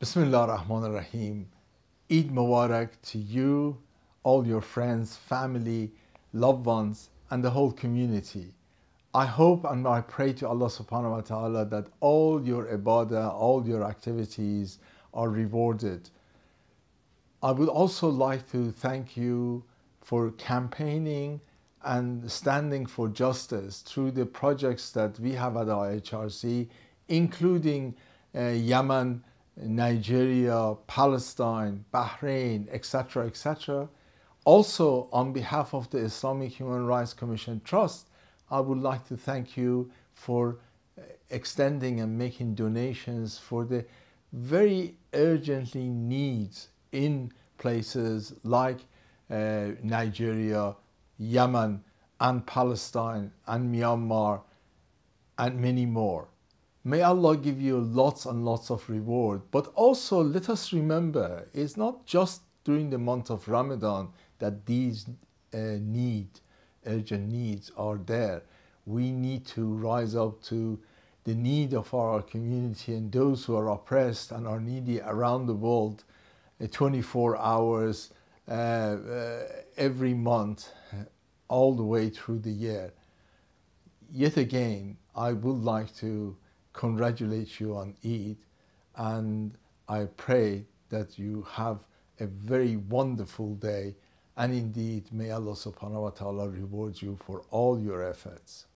Bismillah ar Rahman ar Rahim. Eid Mubarak to you, all your friends, family, loved ones, and the whole community. I hope and I pray to Allah subhanahu wa ta'ala that all your ibadah, all your activities are rewarded. I would also like to thank you for campaigning and standing for justice through the projects that we have at IHRC, including uh, Yemen Nigeria, Palestine, Bahrain, etc., etc. Also, on behalf of the Islamic Human Rights Commission Trust, I would like to thank you for uh, extending and making donations for the very urgently needs in places like uh, Nigeria, Yemen, and Palestine, and Myanmar, and many more. May Allah give you lots and lots of reward. But also let us remember, it's not just during the month of Ramadan that these uh, need, urgent needs are there. We need to rise up to the need of our community and those who are oppressed and are needy around the world uh, 24 hours uh, uh, every month all the way through the year. Yet again, I would like to congratulate you on Eid and I pray that you have a very wonderful day and indeed may Allah subhanahu wa ta'ala reward you for all your efforts.